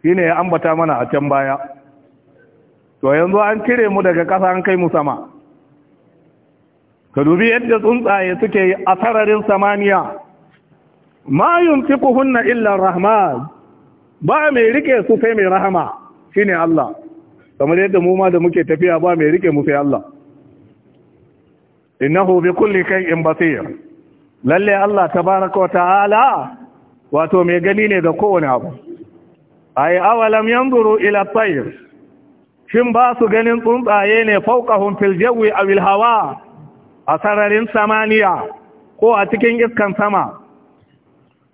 A: shine ya ambata mana a can baya to yanzu an kire mu daga ƙasa an kai mu sama ka dubi yadda tsuntsaye suke yi a sararin samaniya ma yumsikuhunna illa rahman ba mai rike su sai mai rahama shine Allah kamar yadda mu ma da muke tafiya ba mai rike mu sai Allah innahu bi kulli kai in basir lalle Allah tabaraka wa ta'ala wato mai gani ne ga kowane abu ai awalam yanzuru ila tayr shin ba su ganin tsuntsaye ne fawqahum fil jawi aw al hawa a sararin samaniya ko a cikin iskan sama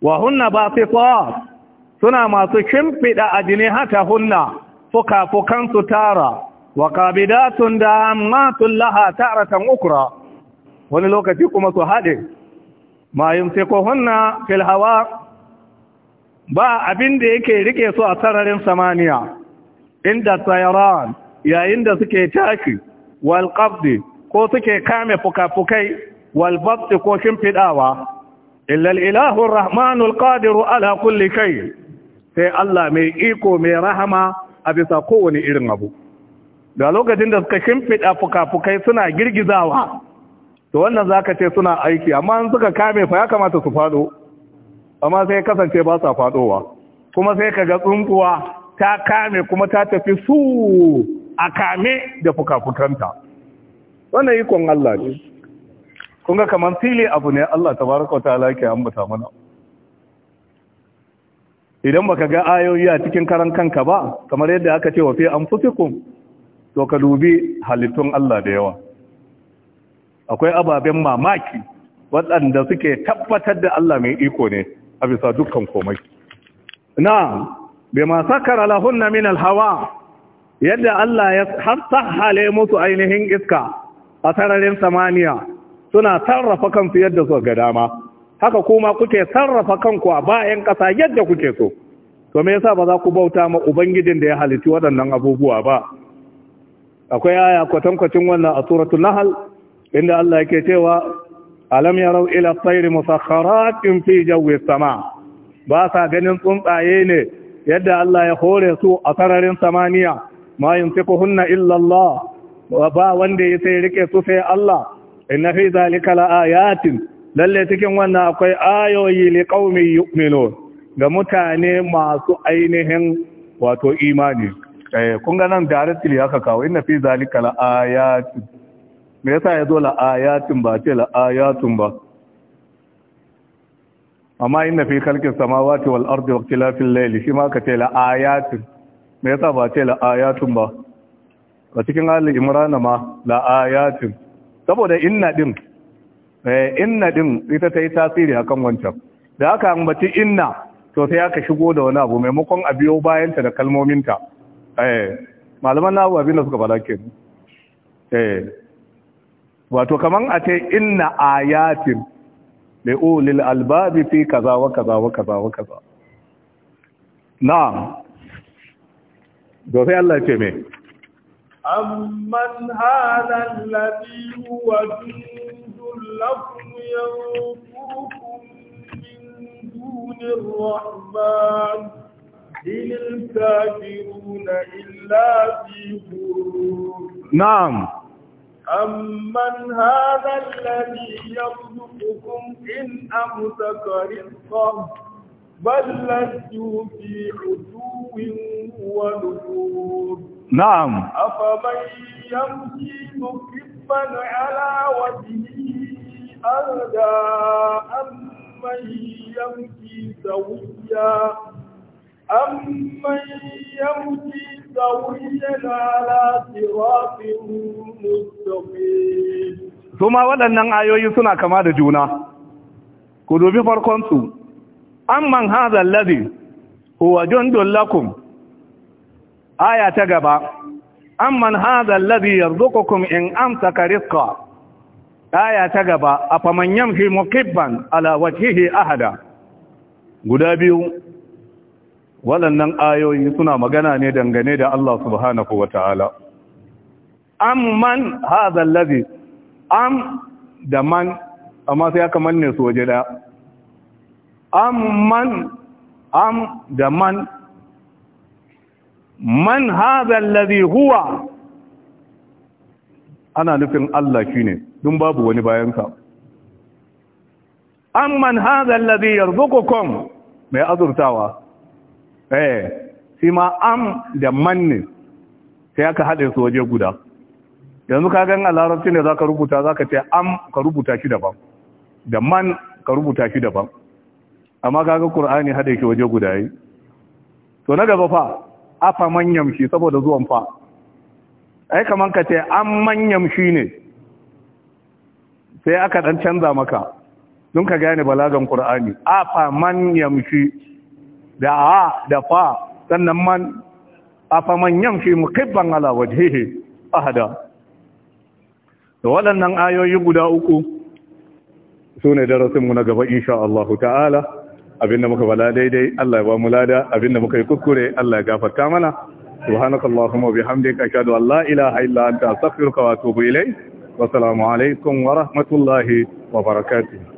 A: wa hunna basita suna masu shimfida ajini hata hunna fuka fukan su tara wa qabidatun da ammatun laha taratan ukra wani lokaci kuma su haɗe ma yumsikuhunna fil hawa ba abin da yake rike su a sararin samaniya inda tsayaran yayin da suke tashi wal ko suke kame fuka wal babti ko shimfidawa illa ilahu arrahmanul qadiru ala kulli shay sai Allah mai iko mai rahama a bisa kowane irin abu da lokacin da suka shimfida fukafukai suna girgizawa to wannan zaka ce suna aiki amma in suka kame fa ya kamata su fado amma sai kasance ba sa fadowa kuma sai ka ga tsunkuwa ta kame kuma ta tafi su a kame da fukafukanta wannan ikon Allah ne kun ga kamar fili abu ne Allah ta baraka wa ta'ala ke ambata mana idan baka ga ayoyi a cikin karan kanka ba kamar yadda aka ce wa fi anfusikum to ka dubi halittun Allah da yawa akwai ababen mamaki waɗanda suke tabbatar da Allah mai iko ne a bisa dukkan komai na bai ma sakara lahunna min alhawa yadda Allah ya hale musu ainihin iska a sararin samaniya suna sarrafa kansu yadda su ga dama haka kuma kuke sarrafa kanku a bayan ƙasa yadda kuke so to me yasa ba za ku bauta ma ubangijin da ya halitti waɗannan abubuwa ba akwai aya kwatankwacin wannan a suratul nahal inda Allah yake cewa alam yarau ila tsairi musakharatin fi jawi sama ba sa ganin tsuntsaye ne yadda Allah ya hore su a sararin samaniya ma yumsikuhunna illa Allah ba wanda ya sai rike su sai Allah inna fi zalika laayatin lalle cikin wannan akwai ayoyi li qaumi yu'minun ga mutane masu ainihin wato imani eh kun ga nan directly haka kawo inna fi zalika laayatin me yasa ya zo la'ayatun ba ce la'ayatun ba amma inna fi khalqis samawati wal ardi wa ikhtilafil layli shi ma ka ce la'ayatun. me yasa ba ce la'ayatun ba a cikin ali imran ma la'ayatun. saboda inna din eh inna din ita ta yi tasiri akan wancan da aka ambaci inna to sai aka shigo da wani abu maimakon a biyo bayanta da kalmominta eh malaman na abu abin da suka faɗa kenan eh wato kaman a ce inna ayatin li ulil albabi fi kaza wa kaza wa kaza wa kaza na'am dofe Allah ce me
B: amman hadha alladhi huwa jundul lakum yanfurukum min dunir rahman إن الكافرون illa في غرور نعم أمن هذا الذي يرزقكم إن أمسك رزقه بل لجوا في عتو ونفور نعم أفمن يمشي مكبا على وجهه أهدى أمن يمشي سويا أمن يمشي
A: Suma waɗannan ayoyi suna kama da juna, ku dubi farkonsu, an man hazan lazi, huwa jundun lakum, aya ta gaba, an man hazan lazi yarzukukum in amsa rizqa aya ta gaba a famanyan fi mukibban ala wacce ahada guda biyu waɗannan ayoyi suna magana ne dangane da Allah subhanahu wa ta'ala An man hadha allazi am da man amma sai aka manne su waje ɗaya. An man am da man man hadha allazi huwa ana nufin Allah shi ne, dun babu wani bayansa man hadha allazi yarzuqukum mai azurtawa eh shi ma am da manni sai aka haɗe su waje guda yanzu ka gan a larabci ne za ka rubuta za ka ce am ka rubuta shi daban da man ka rubuta shi daban amma ka ga hade haɗe shi waje guda yi to na gaba fa afa manyan shi saboda zuwan fa ai kaman ka ce am manyan shi ne sai aka ɗan canza maka don ka gane balagan A afa manyan shi da a da fa sannan man manyan yamshi mukibban ala wajhihi ahada to waɗannan ayoyi guda uku sune darasin mu na gaba insha Allah ta'ala abinda muka bala daidai Allah ya ba mu lada abinda muka yi kuskure Allah ya gafarta mana wa bihamdika ashhadu an la ilaha illa anta astaghfiruka wa atubu ilayk wa assalamu alaikum wa rahmatullahi wa barakatuh